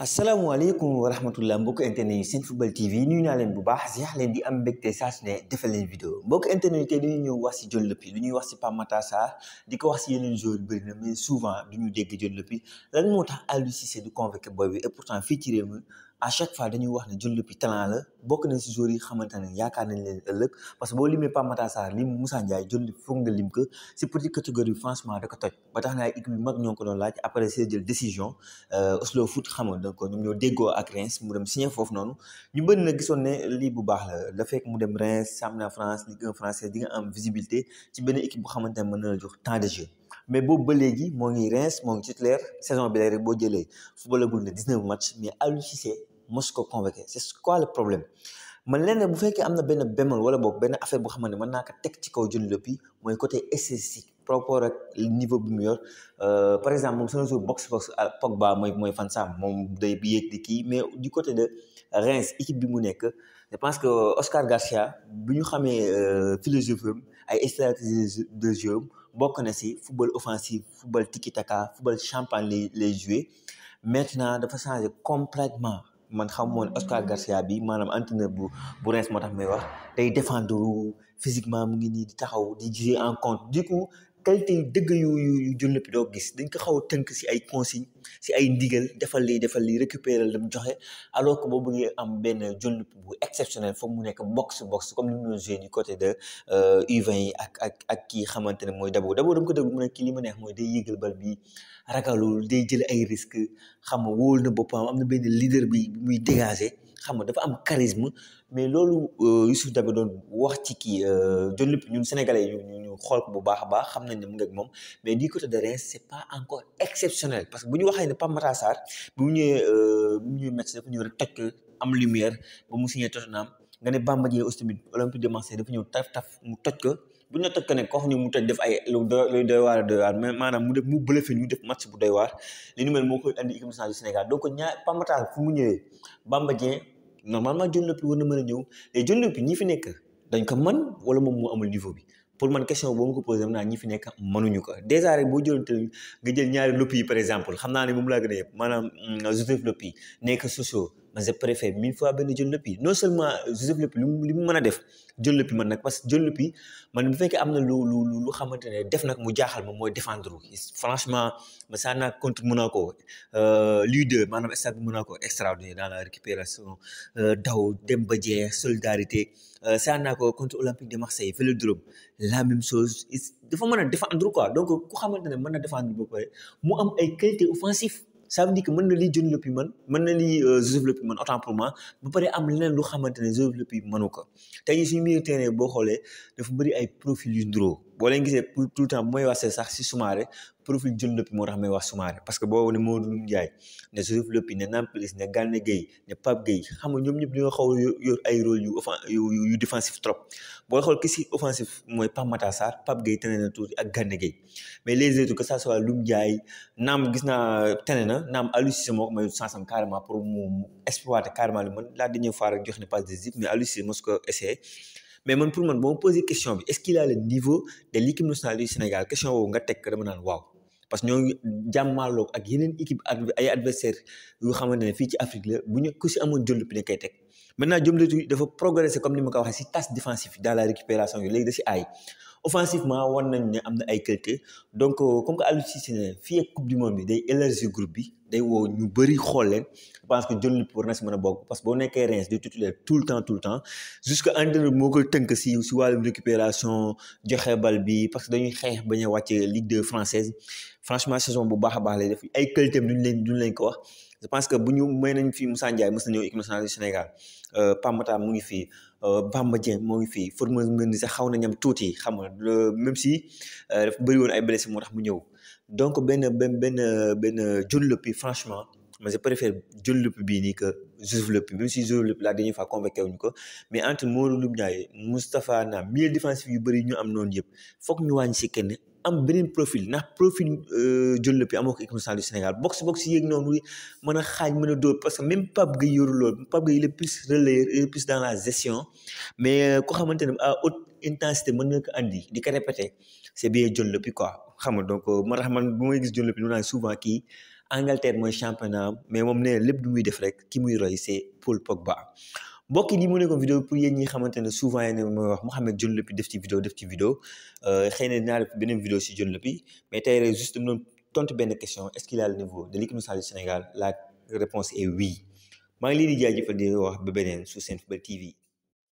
asalaamaaleykum wa rahmatullah mbokk internet yi seen football tv nuyu naa leen bu baax si leen di am mbégte saa su ne defal leen vidéo mbokk internet yi tey dañuy ñëw wax si Dion Lopy lu ñuy wax si Pape Matar Sarr di wax si yeneen joueur bëri na mais souvent du ñu dégg Dion Lopy moo tax Aliou Cissé du convoqué boy bi et fii ci réew mi à chaque fois dañuy wax ne Diouldé bi talent la bokk na si joueurs yi xamante ne yaakaar nañ leen ëllëg parce que boo limee Pape Matar Sarr lim Moussa Ndiaye Diouldé foog nga lim ko si petite catégorie franchement da ko toj ba tax na ay équipe bi mag ñoo ko doon laaj après see jël décision euh, Oslo Foot xam nga ko ñoom ñoo déggoo ak Reims mu dem signé foofu noonu ñu bëri na gisoon ne lii bu baax la da fekk mu dem Reims championnat France Ligue 1 française di nga am visibilité ci benn équipe bu xamante ne mën na jox temps de jeu mais boobu ba léegi moo ngi Reims moo ngi titulaire saison bi rek boo jëlee footballagul ne 19 match mais Aliou Cissé musque ko convoqué quoi le problème man leen bu fekkee am ben bémol wala bok ben affaire bu xamné man naka naa ci kaw Dion Lopy moy côté esthétique par rapport ak niveau bu meilleur euh par exemple moom seen jour box box ah, Pogba moy moy fan sam moom day bi yéeg di kii mais du côté de Reims équipe bi mu nek je pense que Oscar Garcia bu ñu xamee euh, philosophe ay stratégie de jeu bok na ci football offensif football tiki taka football champagne les les jouer maintenant dafa changer complètement man xam moon Oscar Garcia bi maanaam entraîneur bu bu Reims moo tax may wax day défendre physiquement mu ngi nii di taxaw di jouer en compte du qualité yu dëgg yu yu doo gis dañ ko xaw a tënk si ay consigne si ay ndigal defal lii defal lii récupérer la mu joxe alors que boo bëggee am benn junne bu exceptionnel foog mu nekk box box comme ni mu doon joué ni côté de U20 euh, yi ak ak ak kii xamante ne mooy Dabo Dabo dama ko déglu mu ne kii li ma neex mooy day yëgal bal bi ragalul day jël ay risque xam nga wóol na boppam am na benn leader bi muy dégagé xam nga dafa am charisme mais loolu euh, Youssouf Dabe doon wax ci kii Dion euh, Lup ñun sénégalais ñu ñu xool ko bu baax a baax xam nañ ne mu ngi moom mais du côté de Reims c'est pas encore exceptionnel parce que bu ñu waxee ne Pape Matar Sarr bu mu ñëwee euh, bu mu ñëwee Metz dafa ñëw rek toj ko am lumière mu ne Bamba Dieng aussi tamit Olympique de ñëw taf taf mu toj ko bu ñu la toj ko ne koo xam ne mu toj def ay lu doy doy maanaam mu def mu bëlëfe ñu def match bu doy waar li ñu mel moo koy andi équipe nationale du Sénégal donc ñaar Pape Matar fu mu ñëwee Bamba normalement John Lopy war na mën a ñëw et John Lopy ñi fi nekk dañ ko man wala moom moo amul niveau bi pour man question boo ma ko posé naa ñi fi nekk mënuñu ko dèjà rek boo jëloon tamit nga jël ñaari Lopy yi par exemple xam naa ne moom laa gën a yëpp maanaam mm, Joseph Lopy nekk socio man je préfère mille fois benn John Lopy non seulement Joseph Lopy lu mu li mu mën a def John Lopy man nag parce que John Lopy man bu fekkee am na lu lu lu xamante ne def nag mu jaaxal ma mooy défendre franchement ma saa naa contre Monaco euh, lui deux maanaam stade bu Monaco extraordinaire dans la récupération euh, daw dem ba jeex solidarité saa euh, naa ko contre Olympique de Marseille Vélodrome la même chose dafa mën a défendre quoi donc ku xamante ne mën na défendre ba pare mu am ay qualités offensives. ça veut dire mën na lii Johnny Lopy man mën na lii euh, Joseph Lopy mën autant pour moi ba pare am leneen loo xamante ne Joseph Lopy mënu ko tey jii suñu milieu terrain boo xoolee dafa bëri ay profil yu nduroo boo leen gisee tout le temps bu may wax sax si Soumaré profil Dion Lopy moo tax may wax Soumaré parce que boo ne Modou Ndiaye ne Chérif ñoom ñëpp dañoo xaw a yor ay rôle yu offen boo xool si offensif mooy Pape Matar Sarr Pape Gueye tene na tuuti ak Gana Gueye mais les autres que ça soit Loum Ndiaye naam gis naa tene na naam Aliou Cissé moo ko may sansam carrément pour mu exploiter carrément li man laa dañoo faar jox ne passe décisive mais Aliou Cissé ko essayé mais man pour man bon poser question bi est ce qu'il a le niveau de l'équipe nationale du Sénégal question boobu nga tek dama nan waaw parce que ñoo jamalok ak yeneen équipe ay adversaire yu xamantene fi ci Afrique la bu ñu ku si amoon jël bi ne tek maintenant jëmletu dafa progresser comme ni ma ko waxe ci tâche défensif dans la récupération yu léegi da ci ay offensivement war nañ ne am na ay qualité donc euh, comme que Aliou Cissé ne fii ak coupe du monde bi day élargir groupe bi day woo ñu bëri xool leen je pense que John pour na si mën a bokk parce que boo nekkee Reims di titulaire tout le temps tout le temps jusque entraîneur moo koy tënk si si wàllum récupération joxe bal bi parce que dañuy xeex bañ a wàcce Ligue 2 française franchement saison bu baax a baax lay def ay qualité am duñ leen duñ leen ko wax je pense que bu ñu may nañ fi Moussa Ndiaye mës na ñëw équipe nationale du Sénégal euh, Pamata mu ngi fii euh, Bamba Dieng moo ngi fii Formose Mendy sax xaw na ñam tuuti xam nga même si euh, dafa bëri won ay blessé motax mu ñëw donc ben ben ben benn Dion franchement mais je préfère Dion bi ni que Joseph même si Joseph la dernière fois convoqué wuñu ko mais entre Mourou Loum Mustapha na Nam défensif yu bëri ñu am non yépp fokk ñu wañ ci kenn am beneen profil ndax profil Dione euh, lepi, amoo ko équipe du Sénégal box box yéeg noonu mën a xaaj mën a dóor parce que même Pape Gueye yoru loolu Pape Gueye il est plus relais il est plus dans la gestion mais euh, ko xamante ne à haute intensité mën na ko andi di ko répété c' est bien Dione lepi quoi xam nga donc euh, moo tax man bu may gis Dione Lopy lu naan souvent kii Angleterre mooy championnat mais moom nee lépp lu muy def rek ki muy roy c' est Paul Pogba mbokk yi lii mu vidéo pour yéen ñi xamante ne souvent yéen mooy wax Mohamed Dione Lopy def ci vidéo def ci vidéo euh, xëy na dinaa beneen vidéo si John lepi? mais tey rek juste mu doon tontu benn question est-ce qu'il a le niveau de l'équipe nationale du Sénégal la réponse est oui maa ngi leen di jaajëfal di wax ba beneen su Senfootball TV.